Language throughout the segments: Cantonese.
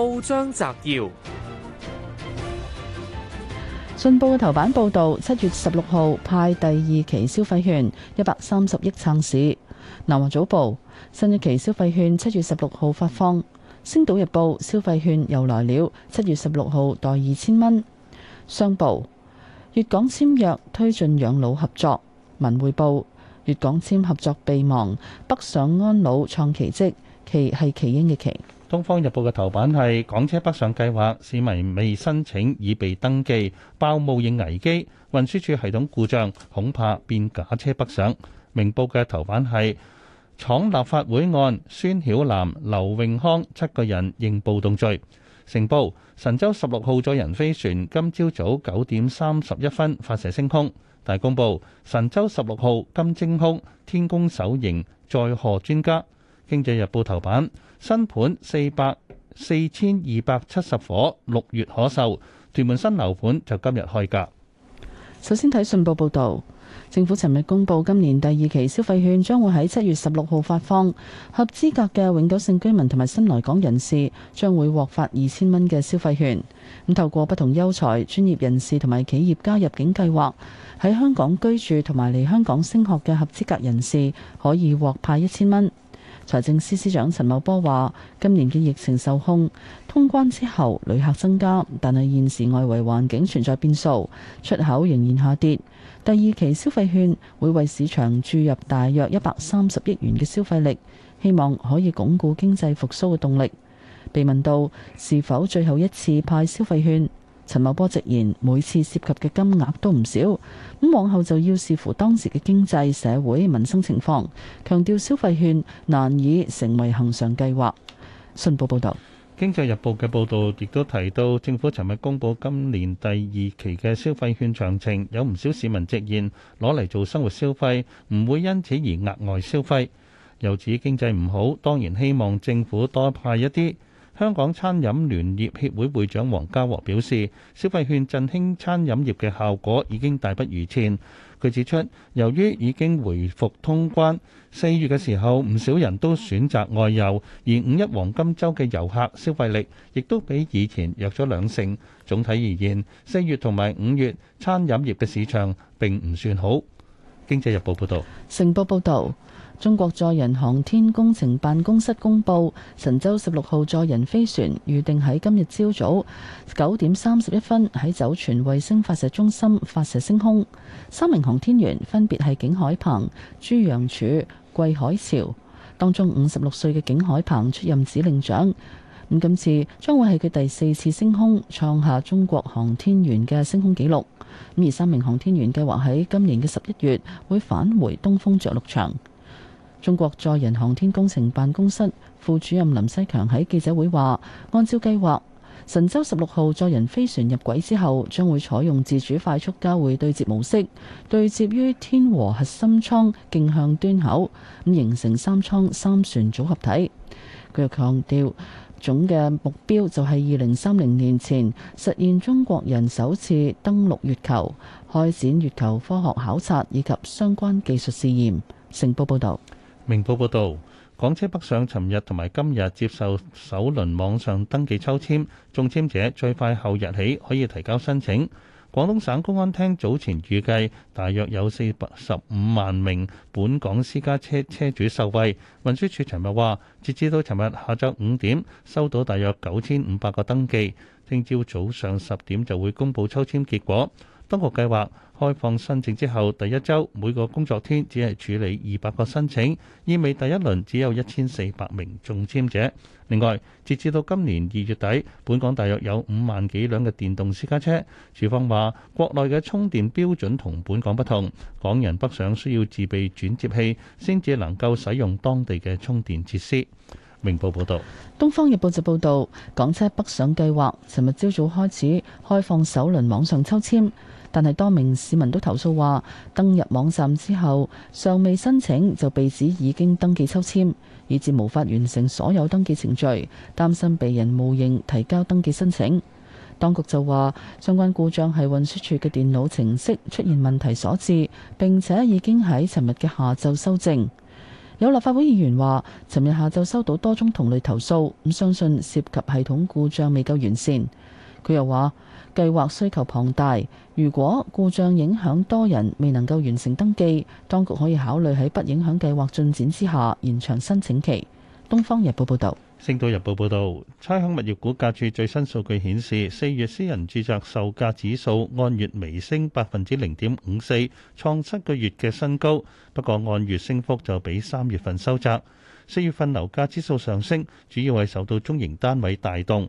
報章摘要：《信報》嘅頭版報道，七月十六號派第二期消費券一百三十億撐市。南華早報：新一期消費券七月十六號發放。星島日報：消費券又來了，七月十六號代二千蚊。商報：粵港簽約推進養老合作。文匯報：粵港簽合作備忘，北上安老創奇跡。奇係奇英嘅奇。《東方日報》嘅頭版係港車北上計劃，市民未申請已被登記；爆冒認危機，運輸署系統故障，恐怕變假車北上。《明報》嘅頭版係闖立法會案，孫曉嵐、劉永康七個人認暴動罪。《成報》神舟十六號載人飛船今朝早九點三十一分發射升空。大公報神舟十六號今升空，天宮首迎載荷專家。《經濟日報》頭版。新盤四百四千二百七十伙，六月可售。屯門新樓盤就今日開價。首先睇信報報導，政府尋日公布今年第二期消費券將會喺七月十六號發放，合資格嘅永久性居民同埋新來港人士將會獲發二千蚊嘅消費券。咁透過不同優才、專業人士同埋企業加入境計劃，喺香港居住同埋嚟香港升學嘅合資格人士可以獲派一千蚊。財政司司長陳茂波話：今年嘅疫情受控，通關之後旅客增加，但係現時外圍環境存在變數，出口仍然下跌。第二期消費券會為市場注入大約一百三十億元嘅消費力，希望可以鞏固經濟復蘇嘅動力。被問到是否最後一次派消費券。陳茂波直言，每次涉及嘅金額都唔少，咁往後就要視乎當時嘅經濟社會民生情況，強調消費券難以成為恒常計劃。信報報道，《經濟日報》嘅報道亦都提到，政府尋日公布今年第二期嘅消費券詳情，有唔少市民直言攞嚟做生活消費，唔會因此而額外消費。又指經濟唔好，當然希望政府多派一啲。香港餐飲聯業協會會長黃家和表示，消費券振興餐飲業嘅效果已經大不如前。佢指出，由於已經回復通關，四月嘅時候唔少人都選擇外遊，而五一黃金週嘅遊客消費力亦都比以前弱咗兩成。總體而言，四月同埋五月餐飲業嘅市場並唔算好。經濟日報報導，成報報導。中國載人航天工程辦公室公布，神舟十六號載人飛船預定喺今日朝早九點三十一分喺酒泉衛星發射中心發射升空。三名航天員分別係景海鵬、朱楊柱、桂海潮，當中五十六歲嘅景海鵬出任指令長。咁今次將會係佢第四次升空，創下中國航天員嘅升空紀錄。咁而三名航天員計劃喺今年嘅十一月會返回東風着陸場。中國載人航天工程辦公室副主任林西強喺記者會話，按照計劃，神舟十六號載人飛船入軌之後，將會採用自主快速交會對接模式，對接於天和核心艙徑向端口，咁形成三艙三船組合體。佢又強調，總嘅目標就係二零三零年前實現中國人首次登陸月球，開展月球科學考察以及相關技術試驗。成報報道。明報報導，港車北上，尋日同埋今日接受首輪網上登記抽籤，中籤者最快後日起可以提交申請。廣東省公安廳早前預計，大約有四百十五萬名本港私家車車主受惠。運輸處尋日話，截至到尋日下晝五點，收到大約九千五百個登記，聽朝早上十點就會公佈抽籤結果。當局計劃開放申請之後第一周，每個工作天只係處理二百個申請，意味第一輪只有一千四百名中簽者。另外，截至到今年二月底，本港大約有五萬幾輛嘅電動私家車。署方話，國內嘅充電標準同本港不同，港人北上需要自備轉接器，先至能夠使用當地嘅充電設施。明報報道，東方日報就報道，港車北上計劃，尋日朝早開始開放首輪網上抽簽。但係多名市民都投訴話，登入網站之後尚未申請就被指已經登記抽籤，以致無法完成所有登記程序，擔心被人冒認提交登記申請。當局就話相關故障係運輸處嘅電腦程式出現問題所致，並且已經喺尋日嘅下晝修正。有立法會議員話，尋日下晝收到多宗同類投訴，唔相信涉及系統故障未夠完善。佢又話，計劃需求龐大，如果故障影響多人未能夠完成登記，當局可以考慮喺不影響計劃進展之下延長申請期。《東方日報》報道。《星島日報》報道，差餉物業估價署最新數據顯示，四月私人住宅售價指數按月微升百分之零點五四，創七個月嘅新高。不過按月升幅就比三月份收窄。四月份樓價指數上升，主要係受到中型單位帶動。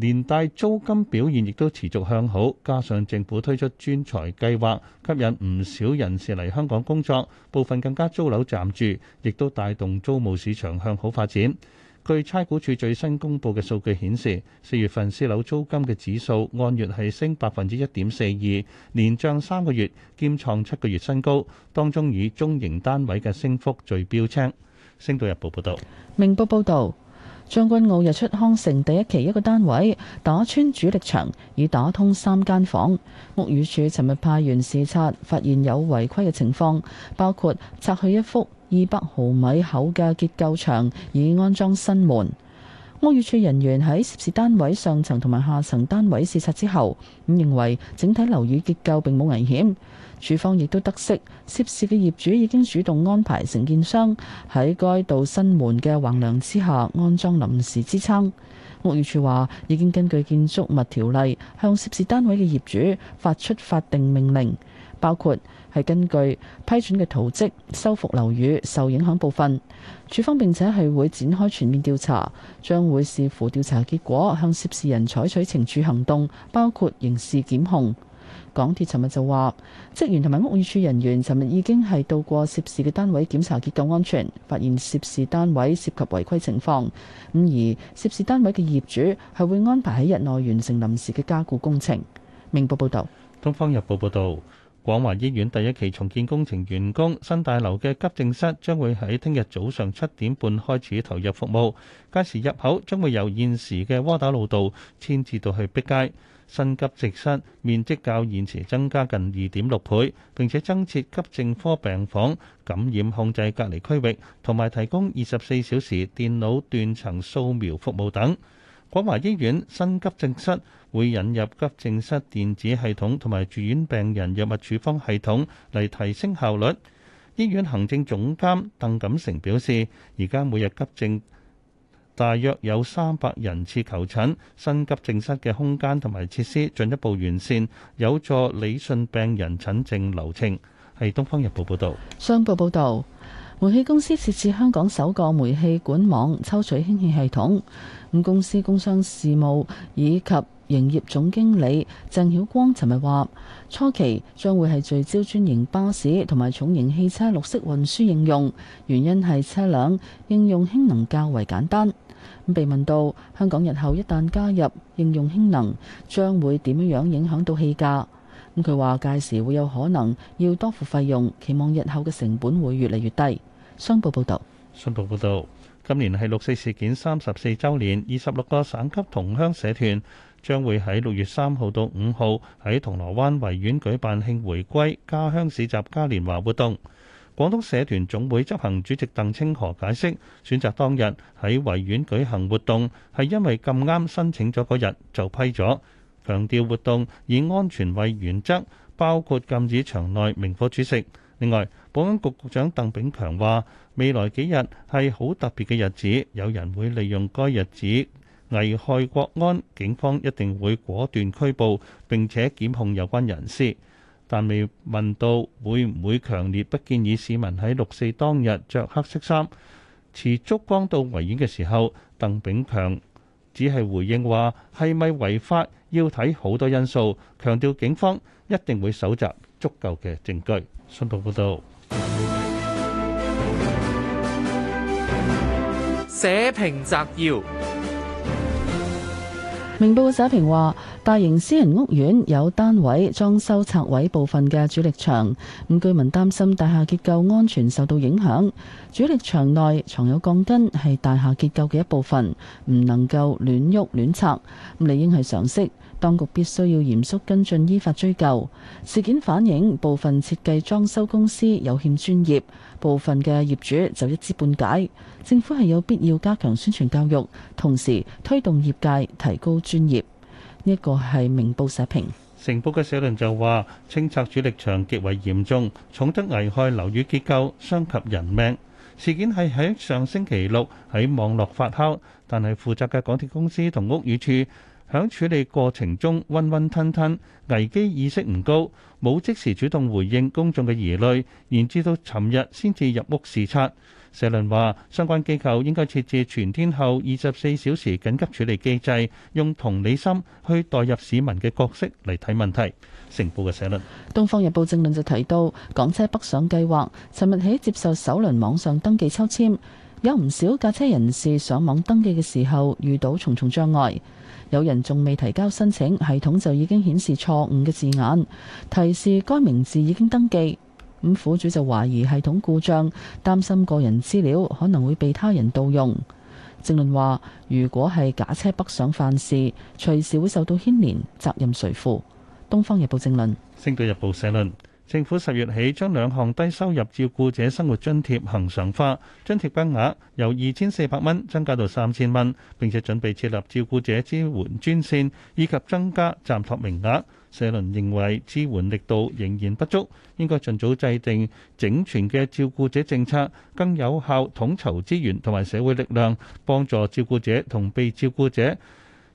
連帶租金表現亦都持續向好，加上政府推出專才計劃，吸引唔少人士嚟香港工作，部分更加租樓暫住，亦都帶動租務市場向好發展。據差估處最新公布嘅數據顯示，四月份私樓租金嘅指數按月係升百分之一點四二，連漲三個月，兼創七個月新高。當中以中型單位嘅升幅最標青。星島日報報道。明報報導。將軍澳日出康城第一期一個單位打穿主力牆，以打通三間房。屋宇署尋日派員視察，發現有違規嘅情況，包括拆去一幅二百毫米厚嘅結構牆，以安裝新門。屋宇署人員喺涉事單位上層同埋下層單位視察之後，咁認為整體樓宇結構並冇危險，處方亦都得悉涉事嘅業主已經主動安排承建商喺該道新門嘅橫梁之下安裝臨時支撐。屋宇署話已經根據建築物條例向涉事單位嘅業主發出法定命令。包括係根據批准嘅圖則修復樓宇受影響部分，署方並且係會展開全面調查，將會視乎調查結果向涉事人採取懲處行動，包括刑事檢控。港鐵尋日就話，職員同埋屋宇署人員尋日已經係到過涉事嘅單位檢查結構安全，發現涉事單位涉及違規情況。咁而涉事單位嘅業主係會安排喺日內完成臨時嘅加固工程。明報報道。東方日報報道。廣華醫院第一期重建工程完工，新大樓嘅急症室將會喺聽日早上七點半開始投入服務。屆時入口將會由現時嘅窩打老道遷至到去碧街。新急症室面積較現時增加近二點六倍，並且增設急症科病房、感染控制隔離區域，同埋提供二十四小時電腦斷層掃描服務等。廣華醫院新急症室，會引入急症室電子系統同埋住院病人藥物處方系統嚟提升效率。醫院行政總監鄧錦成表示，而家每日急症大約有三百人次求診，新急症室嘅空間同埋設施進一步完善，有助理順病人診症流程。係《東方日報》報道。商報報導，煤氣公司設置香港首個煤氣管網抽取氫氣系統。咁公司工商事務以及營業總經理鄭曉光尋日話：初期將會係聚焦專營巴士同埋重型汽車綠色運輸應用，原因係車輛應用氫能較為簡單。被問到香港日後一旦加入應用氫能，將會點樣影響到氣價？佢話：屆時會有可能要多付費用，期望日後嘅成本會越嚟越低。商報報道：今年係六四事件三十四週年，二十六個省級同鄉社團。將會喺六月三號到五號喺銅鑼灣維園舉辦慶回歸、家鄉市集嘉年華活動。廣東社團總會執行主席鄧清河解釋，選擇當日喺維園舉行活動，係因為咁啱申請咗嗰日就批咗。強調活動以安全為原則，包括禁止場內明火煮食。另外，保安局局長鄧炳強話，未來幾日係好特別嘅日子，有人會利用該日子危害國安，警方一定會果斷拘捕並且檢控有關人士。但未問到會唔會強烈不建議市民喺六四當日著黑色衫持燭光到維園嘅時候，鄧炳強只係回應話係咪違法要睇好多因素，強調警方一定會搜集足夠嘅證據。信報報道，社評摘要。明報社評話，大型私人屋苑有單位裝修拆毀部分嘅主力牆，咁居民擔心大廈結構安全受到影響。主力牆內藏有鋼筋，係大廈結構嘅一部分，唔能夠亂喐亂拆，理應係常識。當局必須要嚴肅跟進，依法追究。事件反映部分設計裝修公司有欠專業，部分嘅業主就一知半解。政府係有必要加強宣傳教育，同時推動業界提高專業。呢一個係明報社評，成報嘅社論就話清拆主力牆極為嚴重，重則危害樓宇結構，傷及人命。事件係喺上星期六喺網絡發酵。但係負責嘅港鐵公司同屋宇署喺處理過程中，溫溫吞吞，危機意識唔高，冇即時主動回應公眾嘅疑慮，延至到尋日先至入屋視察。社論話，相關機構應該設置全天候二十四小時緊急處理機制，用同理心去代入市民嘅角色嚟睇問題。成報嘅社論，《東方日報》政論就提到，港車北上計劃尋日起接受首輪網上登記抽籤。有唔少駕車人士上網登記嘅時候遇到重重障礙，有人仲未提交申請，系統就已經顯示錯誤嘅字眼，提示該名字已經登記。咁苦主就懷疑系統故障，擔心個人資料可能會被他人盜用。正論話：如果係架車北上犯事，隨時會受到牽連，責任誰負？東方日報正論，星島日報社論。政府十月起將兩項低收入照顧者生活津貼恆常化，津貼金額由二千四百蚊增加到三千蚊，並且準備設立照顧者支援專線以及增加暫托名額。社論認為支援力度仍然不足，應該盡早制定整全嘅照顧者政策，更有效統籌資源同埋社會力量，幫助照顧者同被照顧者。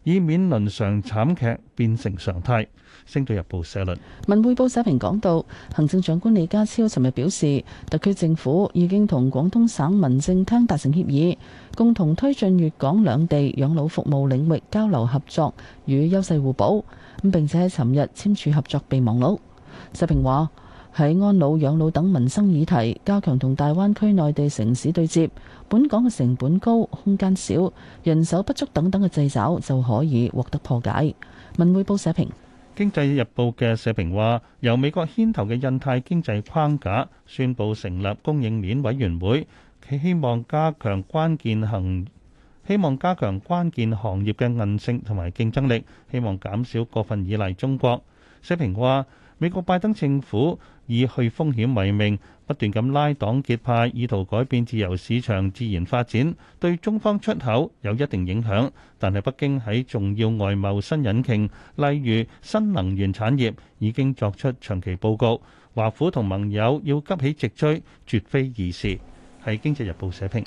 以免倫常慘劇變成常態。星島日報社論，文匯報社評講到，行政長官李家超尋日表示，特區政府已經同廣東省民政廳達成協議，共同推進粵港兩地養老服務領域交流合作與優勢互補，咁並且喺尋日簽署合作備忘錄。社評話。喺安老、養老等民生議題，加強同大灣區內地城市對接，本港嘅成本高、空間少、人手不足等等嘅掣肘就可以獲得破解。文匯報社評，《經濟日報》嘅社評話，由美國牽頭嘅印太經濟框架宣佈成立供應鏈委員會，佢希望加強關鍵行，希望加強關鍵行業嘅韌性同埋競爭力，希望減少過分依賴中國。社評話。美國拜登政府以去風險為名，不斷咁拉黨結派，以圖改變自由市場自然發展，對中方出口有一定影響。但係北京喺重要外貿新引擎，例如新能源產業，已經作出長期報告。華府同盟友要急起直追，絕非易事。係《經濟日報》社評。